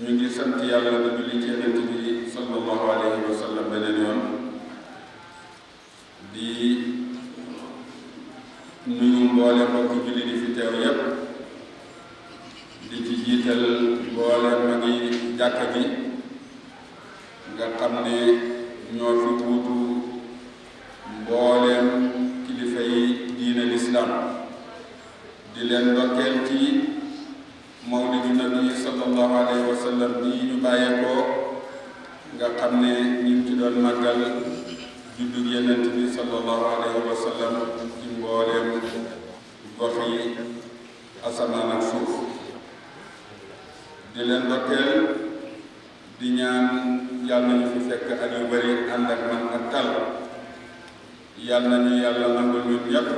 ñu ngi sant yàlla di julli ci yonent bi sallallahu wa sallam beneen yoon di nuyu mboole mbokk julli di fi teew yépp di ci jiital mboole magi jàkk bi nga xam ne ñoo fi tuutu mbooleem kilifa diine lislaam di leen ndokkeel ci alayhi wa sallam bii ñu bàyyeekoo nga xam ne ñu ci doon màggal juddug yenent bi sallallahu alayhi wa ci mbooleem gox yi asamaan suuf di leen dokkeel di ñaan yàlla nañu fi fekk at yu bëri ànd ak man ak tal yàlla nañu yàlla nangul ñun yàpp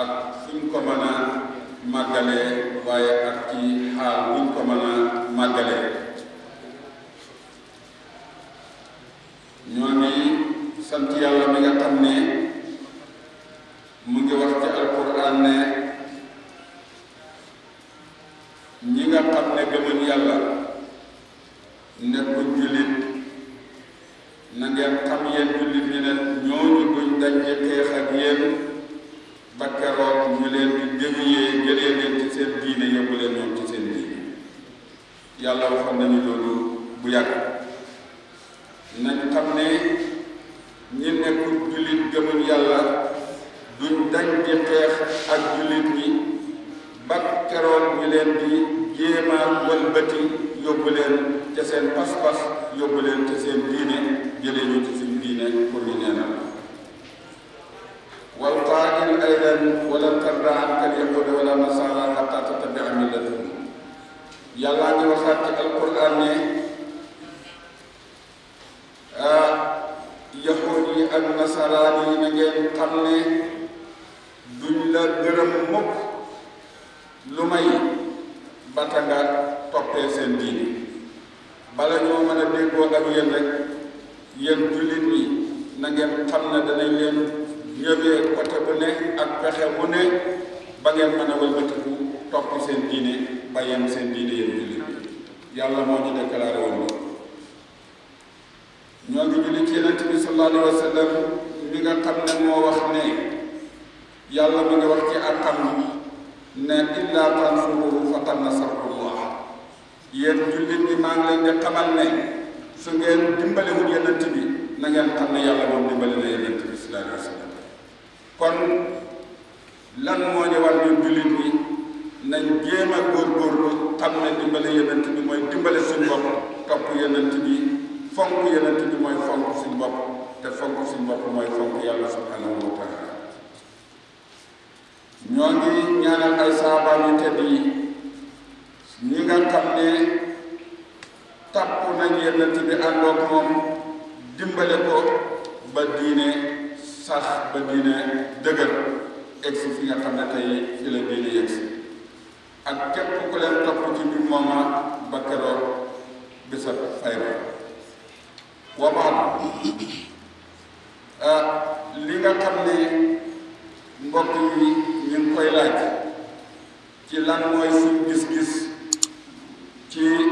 ak suñ ko mën màggalee waaye ak ci xaal buñ ko mën a màggalee ñoo ngi sant yàlla mi nga xam ne mu ngi wax yàllaa ngi waxaat ci alquran ne ah yahuud yi ak nasaraan yi na ngeen xam ne ne su ngeen dimbalewul yonent bi na ngeen xam ne yàlla moom dimbale na yonent bi sallallahu alayhi wa sallam kon lan moo ñu war ñun jullit ñi nañ jéem a góorgóorlu xam ne dimbale yonent bi mooy dimbale suñu topp yonent bi fonk yonent bi mooy fonk suñu bopp te fonk suñu bopp mooy fonk yàlla subhanahu wa taala ñoo ngi ñaanal ay saabaam yu tedd yi ñi nga xam ne tàppu nañ yonent bi àndoog moom dimbale ko ba diine sax ba diine dëgër egsi fi nga xam ne tey fi diine yegsi ak képp ku leen topp ci mbir mooma ba keroog bisa fay ba wabaat ah, li nga xam ne mbokk yi ñu ngi koy laaj ci lan mooy gis-gis ci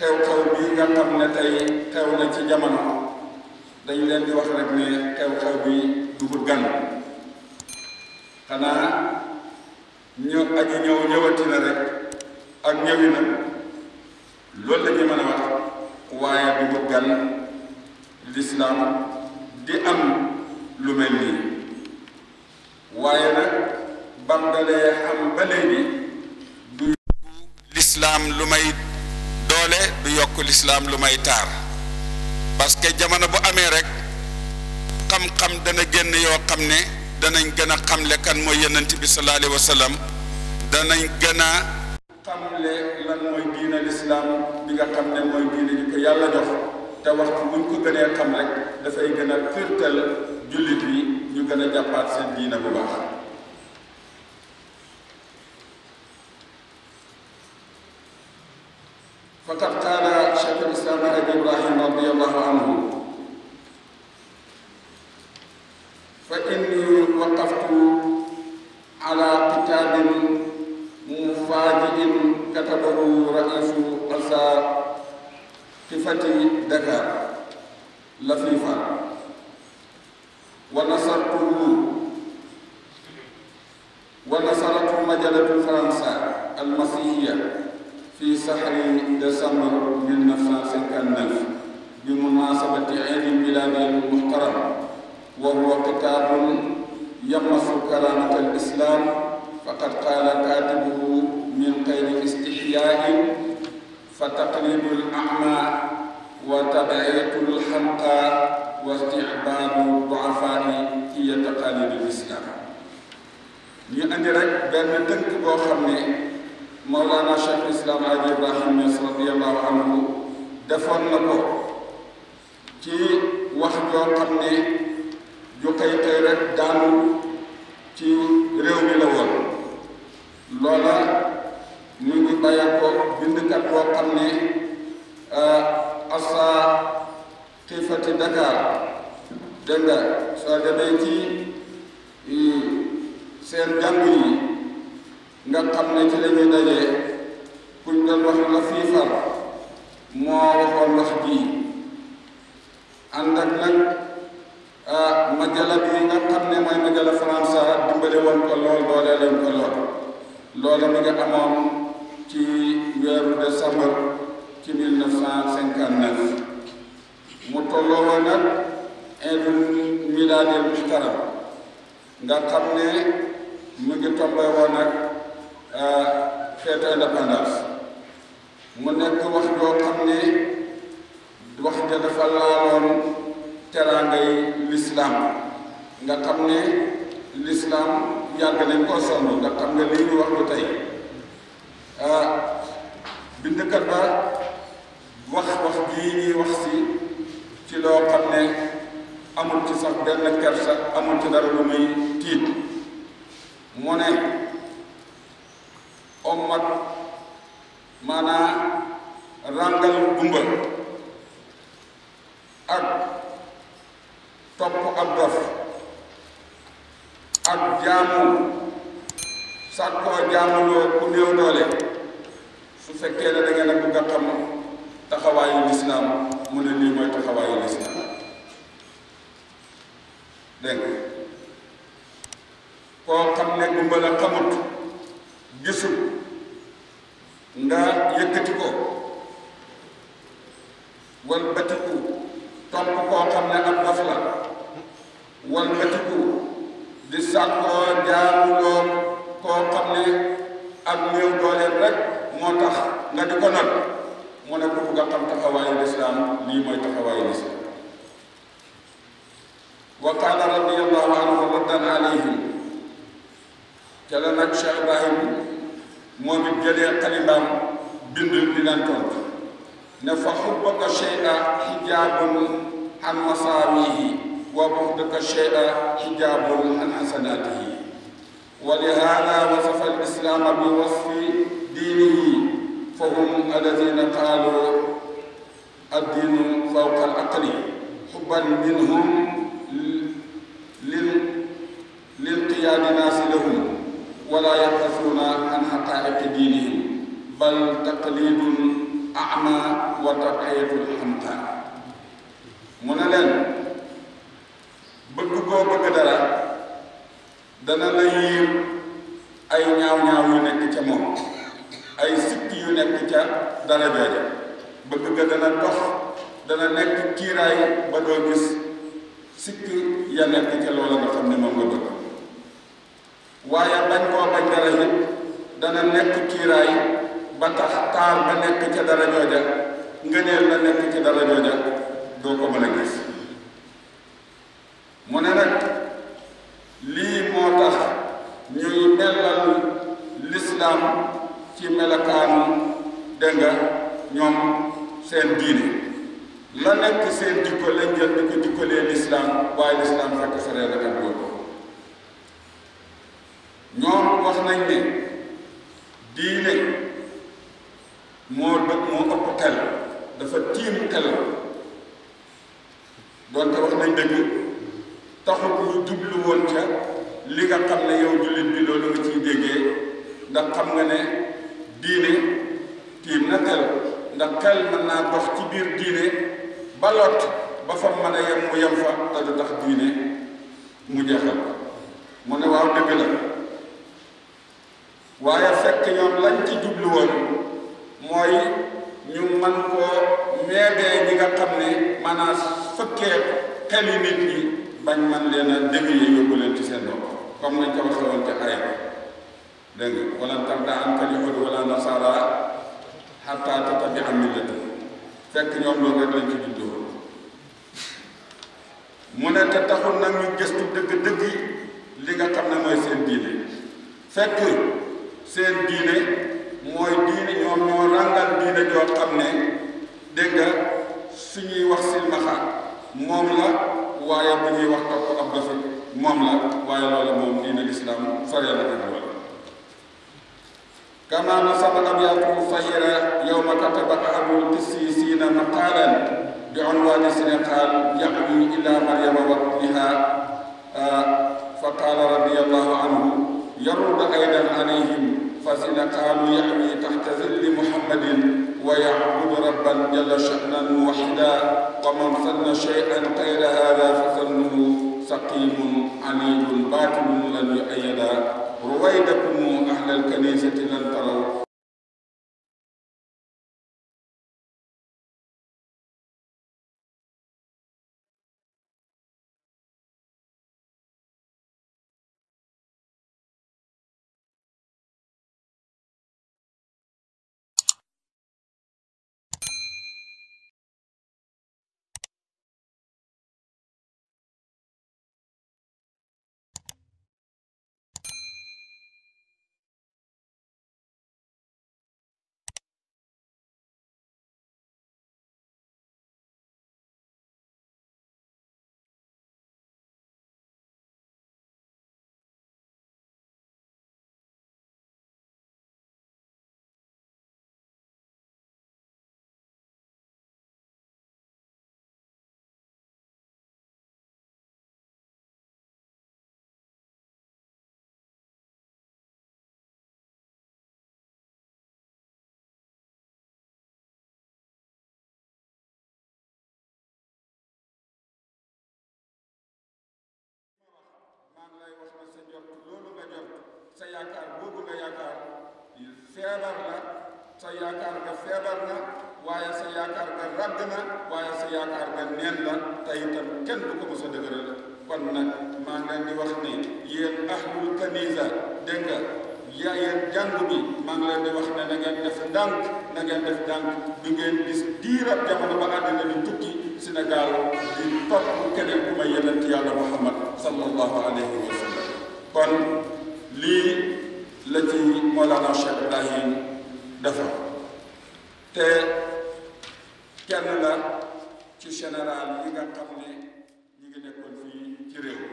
teew xew bi nga xam ne tey xew na ci jamono dañ leen di wax rek ne xew xew bi dugul gan xanaa ñëw aji ñëw ñëwati na rek ak ñëwi na loolu la ñu a wax waaye dugul gan lislaam di am lu mel nii waaye nag bam dalee xam ba léegi du lislaam lu may doole du yokk lislaam lu may taar parce que jamono bu amee rek xam-xam dana génn yoo xam ne danañ gën a xamle kan mooy yonent bi sallallahu alayhi wa sallam danañ gën xamle lan mooy diine lislaam bi xam ne mooy diine ñu ko yàlla jox te waxtu buñ ko gënee xam rek dafay gën firtal jullit yi ñu gën jàppaat seen diine bu baax فقد قال شيخ الاسلام ابي ابراهيم رضي الله عنه فاني وقفت على كتاب مفاجئ كتبه رئيس أساقفة دكار لفيفا ونصرته ونصرته مجلة فرنسا المسيحية في سحر ديسمبر 1959 بمناسبة عيد الميلاد المحترم وهو كتاب يمس كرامة الإسلام فقد قال كاتبه من غير استحياء فتقليد الأعمى وتبعية الحمقى واستعباد الضعفاء هي تقاليد الإسلام ñu andi rek benn dëkk boo xam ne Mawlana Cheikh Islam Aji Ibrahim Niass radiyallahu anhu na ko ci wax joo xam ne ju xëy rek daanu ci réew mi la woon loola ñu ngi bàyyi ko bindkat boo xam ne eh, asa xiifati Dakar dégg nga soo demee ci eh, seen jàngu nga xam ne ci la ñuy dajee kuñ doon wax la fiifar moo waxoon wax ji ànd ak nag majala bi nga xam ne mooy majala faransa dimbale woon ko lool doole lañ ko lool loola mi nga amoon ci weeru décembre ci 1959 mu tolloo woon nag indul milaadil muhtaram nga xam ne mu ngi tombé woon nag Euh, feetu indépendance mu nekk wax joo xam ne wax ja dafa laaloon teraangay lislaam nga xam ne lislaam yàgg nañ koo sonn nga xam ne lii ñu wax lu tey euh, bindkat ba wax wax jii ñuy wax si ci loo xam ne amul ci sax benn kersa amul ci dara lu muy tiit mu ne man ak maanaam ràngal gumba ak topp ab dof ak jaamu sàkkoo jaamuloo ku néew doole su fekkee ne da ngeen a a xam taxawaayu lislaam mu ne lii mooy taxawaayu lislaam dégg koo xam ne gumba la xamut gisul nga yëkkati ko wal batiku koo xam ne ab dof la di sàkkoo jaamu lool koo xam ne ak néew dooleen rek moo tax nga di ko nag mu ne ko bugg a xam taxawaayu lislaam lii mooy taxawaayu lislaam wa qaala radiyallahu alayhim ca nag Cheikh Ibrahim moom it jëlee xalimaam bind li leen tontu ne fa xubbaka shay'a xijaabun an masaawihi wa buxdaka shay'a xijaabun an xasanaatihi wa li haada wasafa al islaama bi wasfi diinihi fa hum alladina qaalu addiinu fawqa al aqli xubban minhum lil lil qiyaadi naasi lahum wala yaqaf xaqiqati diinihim bal taqlidul ama wa taqiyatul xamta mu ne leen bëgg koo bëgg dara dana la yiir ay ñaaw-ñaaw yu nekk ca moom ay sikki yu nekk ca dara jooja bëgg ga dana dox dana nekk kiiraay ba doo gis sikki ya nekk ca loola nga xam ne moom nga bëgg waaye bañ koo bañ dara it dana nekk kiiraay ba tax taar ba nekk ca dara jooja ngëneel la nekk ca dara jooja doo ko mën a gis mu ne nag lii moo tax ñuy mellal lislaam ci melakaanu dégg ñoom seen diine la nekk seen jikko lañ jël di ko jikkolee lislaam waaye lislaam fekk sa reer ak loolu ñoom wax nañ ne diine moo dëkk moo ëpp tel dafa tiim tel doonte wax nañ dëgg taxut ñu jublu ca li nga xam ne yow jullit bi loolu nga ciy déggee ndax xam nga ne diine tiim na tel ndax tel mën naa dox ci biir diine ba lot ba fa mën a yem mu yem fa te du tax diine mu jeexal fekk seen diine mooy diine ñoom ñoo ràngal diine joo xam ne dégg nga wax silmaxa moom la waaye bu ñuy wax topp ab dafa moom la waaye loolu moom diine lislaam soree na ak loolu كما نصب أبيات صغيرة يوم كتب أبو القسيسين مقالا بعنوان سنقال يأوي إلى مريم وابنها فقال رضي الله عنه يرد أيضا عليهم فسن قالوا يأوي تحت ذل محمد ويعبد ربا جل شأنا موحدا ومن سن شيئا غير هذا فسنه سقيم عنيد باطل لن يؤيدا رويدكم أهل الكنيسة لن تروا lay wax na sa jot loolu nga jot sa yaakaar boobu nga yaakaar feebar la sa yaakaar nga feebar na waaye sa yaakaar nga ragg na waaye sa yaakaar nga neen la te itam kenn du ko mos a dëgëral kon nag maa ngi leen di wax ni yéen ahlul kanisa dégg nga yaa yéen jàng bi maa ngi leen wax ne na ngeen def ndànk na ngeen def ndànk du ngeen gis diirab jamono ba àddina di tukki Sénégal di topp keneen ku ma yonent yàlla Muhammad sallallahu alayhi wa sallam kon lii la ci Mawlana Cheikh Ibrahim te kenn la ci général yi nga xam ne ñu ngi nekkoon fii ci réew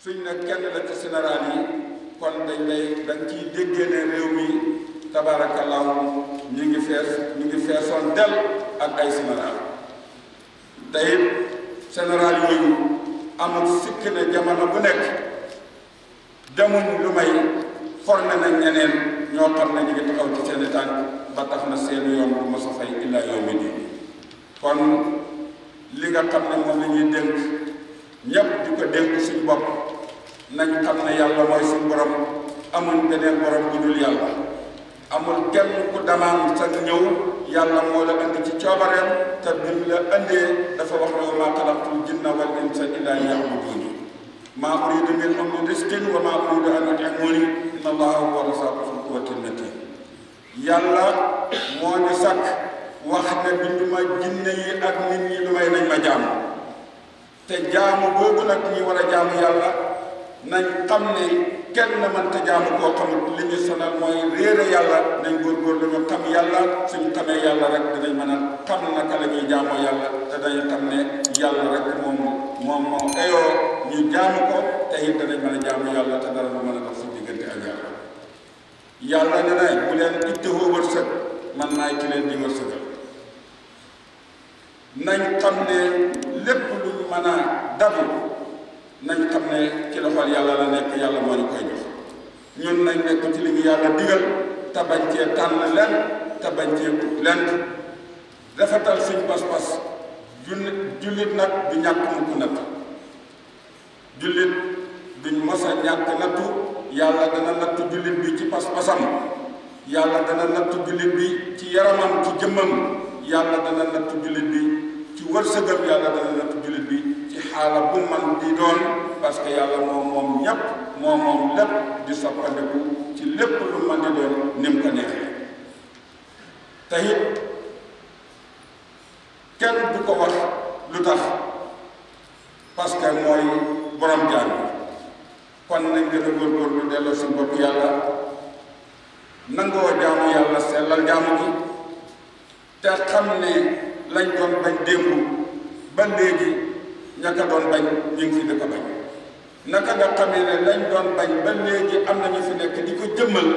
suñ nag kenn la ci général yi kon dañ lay dañ ciy déggee ne réew mi tabaarakallaahu ñu ngi fees ñu ngi feesoon del ak ay général tey général yooyu amul sikk ne jamono bu nekk demuñ lu may formé na ñeneen ñoo xam ne ñu ngi ci seen i tànk ba tax na seen yoon bu mos a fay illaa yawmi diin kon li nga xam ne moom la ñuy dénk ñëpp di ko dénk suñu bopp nañ xam ne yàlla mooy suñu borom amuñ beneen borom bu dul yàlla. amul kenn ku demande sa ñëw yàlla moo la andi ci coobareem te bi la andee dafa wax ne maa xalaqtul jinna wal wa maa uriidu an yàlla moo ñu sakk wax ne binduma jinne yi ak nit ñi lu may nañ ma jaamu te jaamu boobu nag ñi war a jaamu yàlla nañ xam ne. kenn mënta jaamu koo xamul li ñu sonal mooy réere yàlla nañ góorgóorlu ñu xam yàlla suñu xamee yàlla rek dinañ mën a xam naka la ñuy jaamoo yàlla te dañu xam ne yàlla rek moom jaamu ko te it danañ mën a jaamu yàlla te dara lu mën a dox suñu diggante ak yàlla yàlla ne bu leen ittihoo wërsëg man maay ci leen di wërsëgal nañ xam ne lépp lu ñu a dabu nañ xam ne ci loxol yàlla la nekk yàlla moo ñu koy jox ñun nañ nekk ci li ñu yàlla digal te bañ cee tànn lenn te bañ cee ut lenn rafetal suñ pas-pas jullit jullit nag du ñàkk mukk natt jullit duñ mos a ñàkk nattu yàlla dana nattu jullit bi ci pas-pasam yàlla dana nattu jullit bi ci yaramam ci jëmmam yàlla dana nattu jullit bi ci wërsëgam yàlla dana xaala bu man di doon parce que yàlla moom moom ñépp moom moom lépp di soppandiku ci lépp lu man di doon ni ko neexee te it kenn du ko wax lu tax parce mooy borom jàng kon nañ gën a góorgóorlu delloo si bopp yàlla nangoo jaamu yàlla sellal jaamu gi te xam ne lañ doon bañ démb ba léegi ña ka doon bañ ne am na ñu fi nekk di ko jëmmal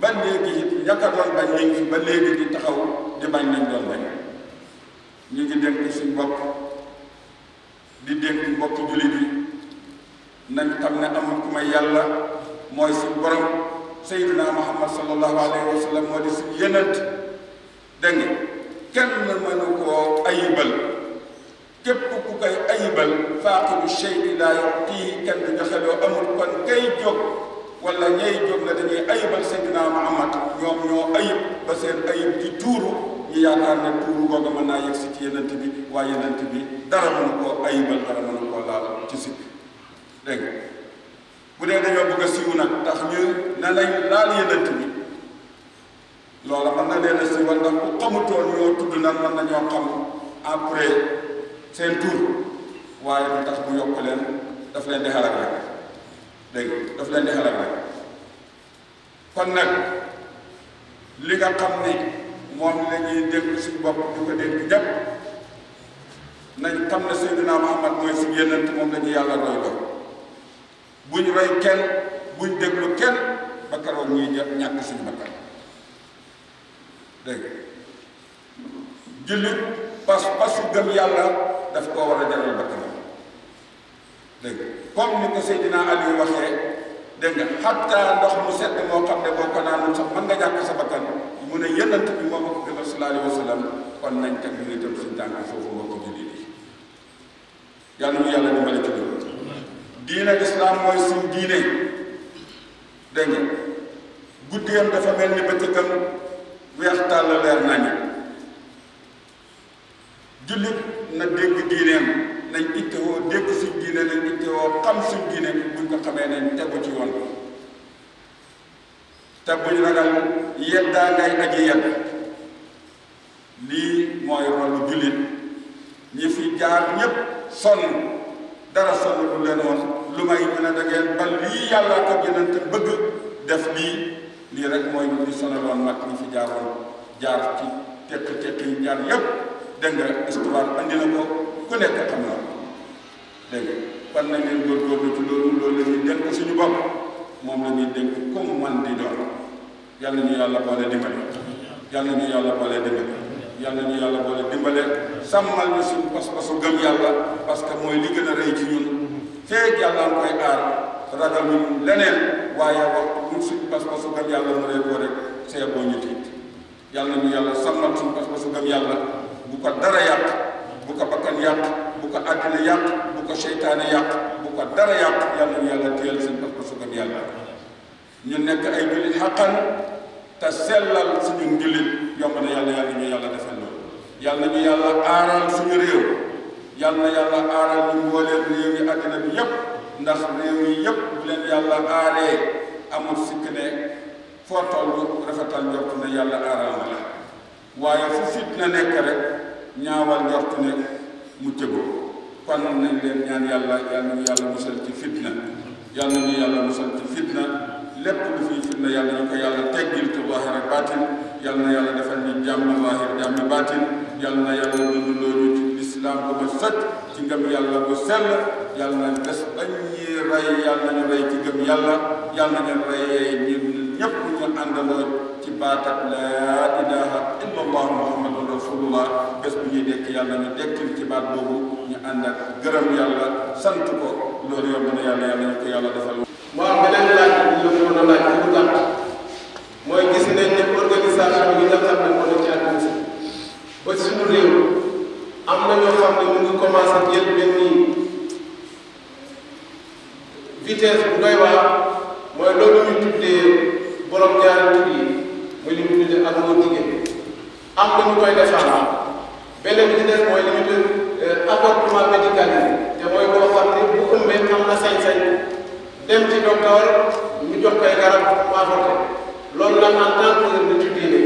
ba léegi it ba léegi di taxaw di di dénk mbokk jullit yi nañ xam ne amul ku may yàlla mooy suñ borom sayyidina muhammad sallallahu alayhi wa moo di suñ yënant dégg nga kenn mënu koo ayibal képp ku koy ayibal faaqidu shay'i laa yu'tihi kenn du joxe loo amul kon kay jóg wala ñay jóg na dañuy ayibal Seydina Muhammad ñoom ñoo ayib ba seen ayib di tuuru ñu yaakaar ne tuuru googu mën naa yegg si ci yenant bi waaye yenant bi dara mënu koo ayibal dara mënu koo laal ci sikk dégg bu dee dañoo bëgg a siiw nag tax ñu ne laal yenant bi loola mën na leen a siiwal ndax ku xamutoon ñoo tudd nan mën nañoo xam après seen tur waaye du tax mu yokk leen daf leen di xalaat rek dégg daf leen di xalaat rek kon nag li nga xam ni moom la ñuy dégg suñu bopp du ko dégg jàpp nañ xam ne Seydina Muhammad mooy suñu yeneen ñu yàlla doy doy buñ roy kenn buñ déglu kenn ba keroog ñuy ñàkk suñu bakkan dégg jullit pas pasu yàlla daf koo war a jaral bakkanam dégg comme ni ko Seydina Aliou waxee dégg nga xatta ndox mu sedd moo xam ne boo ko naanul sax mën nga ñàkk sa bakkan mu ne yonent bi moo ko gënal sallallahu alayhi wa sallam kon nañ teg ñu itam suñu tànk foofu moo ko jëlee lii yàlla ñu yàlla dimbale ci loolu diine lislaam mooy suñu diine dégg nga guddeem dafa mel ni bëccëgam weex tàll leer nañu jullit na dégg diineem nañ ittewoo dégg suñ diine nañ ittewoo xam suñ diine buñ ko xamee nañ tegu ci woon te buñ ragal yeddaa ngay aji yedd lii mooy rolu jullit ñi fi jaar ñépp sonn dara sonn lu leen lu may ñu ne da ba lii yàlla ko yonente bëgg def lii lii rek mooy ñu sonaloon mag ñi fi jaaroon jaar ci tekk tekk yi jaar yépp dégg nga histoire andi na ko ku nekk xam na ko dégg nga war nañ leen ci loolu loolu la ñuy suñu bopp moom la ñuy dénk comme man di doon yàlla ñu yàlla boole dimbale yàlla ñu yàlla boole dimbale yàlla ñu yàlla boole dimbale sàmmal ñu suñu pas-pasu gëm yàlla parce que mooy li gën a rëy ci ñun feeg yàlla koy aar ragal ñu leneen waaye wax ñun suñu pas su gëm yàlla mu rëy ko rek see boo ñu tiit yàlla ñu yàlla sàmmal suñu pas-pasu gëm yàlla bu ko dara yàq bu ko bakkan yàq bu ko àddina yàq bu ko seytaane yàq bu ko dara yàq yàlla ñu yàlla téyal seen parce que su yàlla ñu nekk ay jullit xaqan te sellal suñu njullit yomb na yàlla yàlla ñu yàlla defal aaral suñu réew yàlla na yàlla aaral ñu mbooleem réew yi àddina bi yëpp ndax réew yi yépp bu leen yàlla aaree amul sikk ne foo aaral na la waaye fu fit na nekk rek ñaawal njort ne mu jëgoo kon nañ leen ñaan yàlla yàlla ñu yàlla musal ci fitna yàlla ñu yàlla musal ci fitna lépp lu fiy fitna yàlla ñu ko yàlla teggil ci zaahir baatin yàlla na yàlla defal ñu jàmm zaahir jàmm baatin yàlla na yàlla dundaloo ñu ci lislaam bu ma sëkk ci ngëm yàlla bu sell yàlla na bés bañ ñuy rey yàlla nañu rey ci ngëm yàlla yàlla nañu reyee ñun ñëpp ñu àndandoo ci baat laa ilaaha illallah muhammad rasulullah bés bu ñuy dekk yàlla ñu dekkil ci baat boobu ñu ànd ak gërëm yàlla sant ko loolu yomb na yàlla yàlla ñu ko yàlla defal mu am a mooy gis nañ ne organisation yi nga xam ne mën na ci àdduna si ba suñu réew am na ñoo xam ne mu ngi commencé jël benn vitesse bu doy waar mooy loolu ñu tuddee borom ñaari tur am lu ñu koy defaraat beneen bi ci des mooy li ñu tudd euh, accompagnement médicalisé te mooy boo xam ne bu ëmbee am na sañ-sañ dem ci docteur ñu jox koy garab mu avorté loolu nag en tant que nitu diine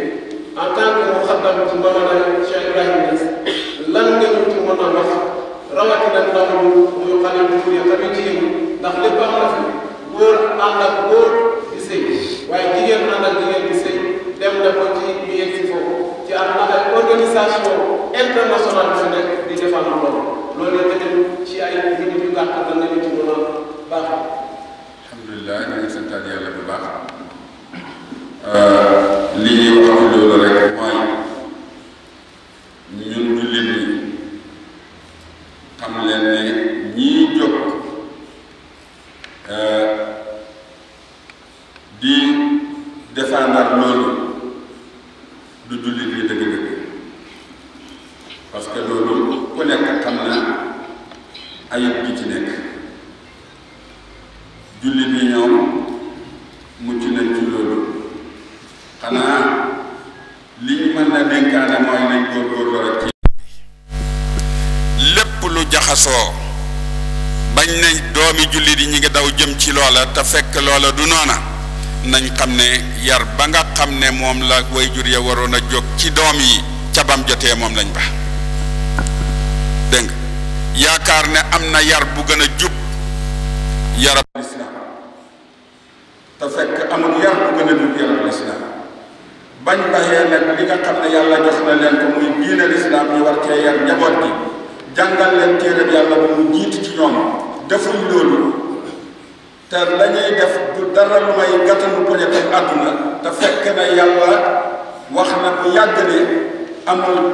en tant que mu xaddam ci ndono na Cheikh Ibrahima Niass lan nga ñu ci mën a wax rawatina ndaw ñu xale bu ñu tamit jigéen ñi ndax lépp am na fi góor ànd ak organisation internationale bi nekk di défendre loolu loolu la nga ci ay minutes yu gàtt nga ñu ci mën a baax. alhamdulilah ñu ngi santaat yàlla bu baax. Euh, li ñuy wax loolu rek mooy. xanaa lépp lu jaxasoo bañ nañ doomi jullit yi ñu ngi daw jëm ci loola te fekk loola du noona nañ xam ne yar ba nga xam ne moom la wayjur ya waroon a jóg ci doom yi ca bam jotee moom lañ ba dégg yaakaar ne am na yar bu gën a jub yar yàlla jox na leen ko muy diine lislaam ñu war cee yar njaboot gi jàngal leen téereb yàlla mu jiitu ci ñoom defuñ loolu te lañuy def du dara lu may gàttanu poñetam àdduna te fekk na yàlla wax na bu yàgg ne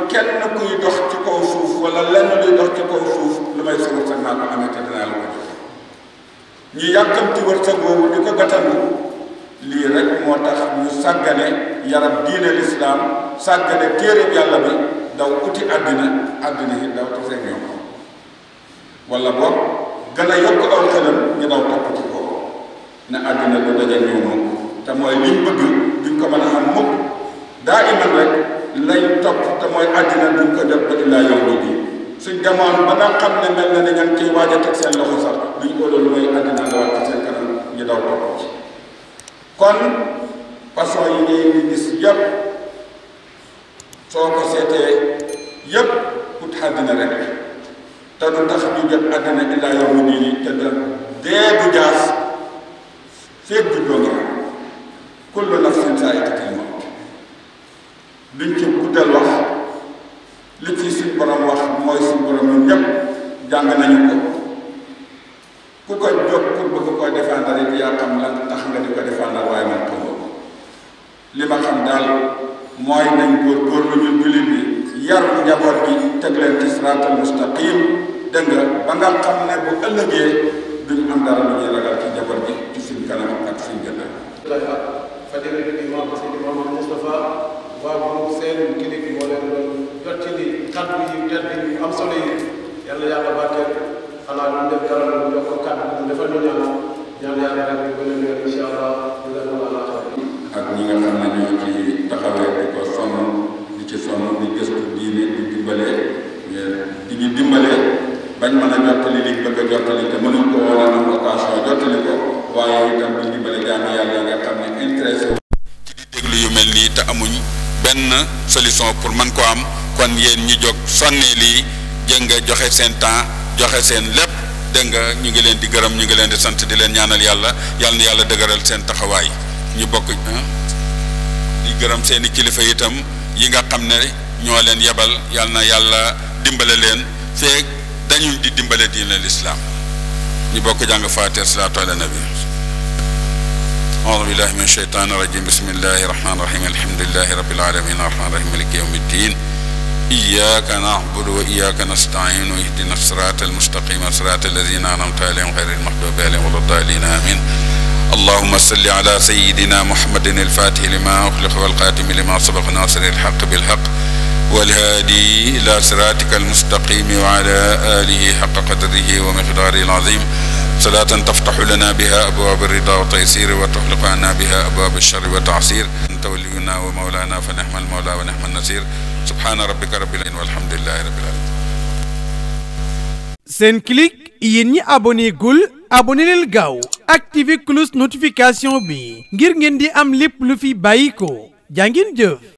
kenn kuy dox ci kaw suuf wala lenn luy dox ci kaw suuf lu may sa wërsëg amee te dinaa la ñu yàkkamti wërsëg boobu di ko gàttanu lii rek moo tax ñu sàggane yaram diine lislaam sàggane téereb yàlla bi daw uti àddina àddina yi daw te seen yoon wala boog gën a yokk aw xelam ñu daw topp ci kooku ne àddina du daje ñëw moom te mooy liñ bëgg duñ ko mën a am mukk daa iman rek lañ te mooy àddina duñ ko def ba illaa yow bi suñ demoon xam ne mel na ne ña ngi a teg seen loxo sax duñ ko doon mooy àddina nga seen kanam ñu daw topp ci kon façon yi ngay gis yëpp soo ko seetee yépp ut àddina rek te du tax ñu jot àddina illaa yow mu diini te da dee du jaas féeg juddoo nga kullu nafsin zaa'iqatul mawt duñ ci guddal wax li ci suñ borom wax mooy suñ borom jàng nañu ko ku ko jóg pour bëgg ko défendre it yaa xam lan tax nga di ko défendre waaye man ko li ma xam daal mooy nañ góorgóorlu yar njaboot gi teg leen ci siraatal mustaqim dégg nga ba nga xam ne bu ëllëgee duñ am dara lu ñuy ragal ci njaboot gi ci suñ kanam ak suñ gënnal fa demee bi imam si imam Moustapha waa bu seen kilifa moo leen doon jot ci li kàddu yi tedd yi am solo yi yàlla yàlla barkeel xanaa ñu def dara lu jox ko kàddu defal pour mën koo am kon yéen ñu jóg sonnee li dégg nga joxe seen temps joxe seen lépp dégg nga ñu ngi leen di gërëm ñu ngi leen di sant di leen ñaanal yàlla yàlla yàlla dëgëral seen taxawaay ñu bokk ah, di gërëm seeni kilifa itam yi nga xam ne ñoo leen yebal yàlla na yàlla dimbale leen feeg dañu di dimbale diine lislaam ñu bokk jàng faatiha salaatu ala nabi aoudu billahi min sheytaan irajim bismillahi rahmaani rahim alhamdulilahi rabbil alamin arrahman rahim maliki yawmi ddin iyyaka na'budu wa iyyaka nasta'in ihdina sirata almustaqima sirata alladhina an'amta alayhim ghayril maghdubi alayhim waladdallin amin allahuma salli ala sayidina muhammadin alfatihi lima uxliqa walxaatimi lima sabaqa nasiri alxaq bilxaq والهادي إلى صراطك المستقيم وعلى آله حق قدره ومقداره العظيم صلاة تفتح لنا بها أبواب الرضا والتيسير وتحلق عنا بها أبواب الشر والتعسير أنت ولينا ومولانا فنعم المولى ونعم النصير سبحان ربك رب العالمين والحمد لله رب العالمين Senclic yéen ñi abonné gul abonné leen gaaw activé cloche notification bi ngir ngeen di am lépp lu fi bàyyi ko jaa ngeen jëf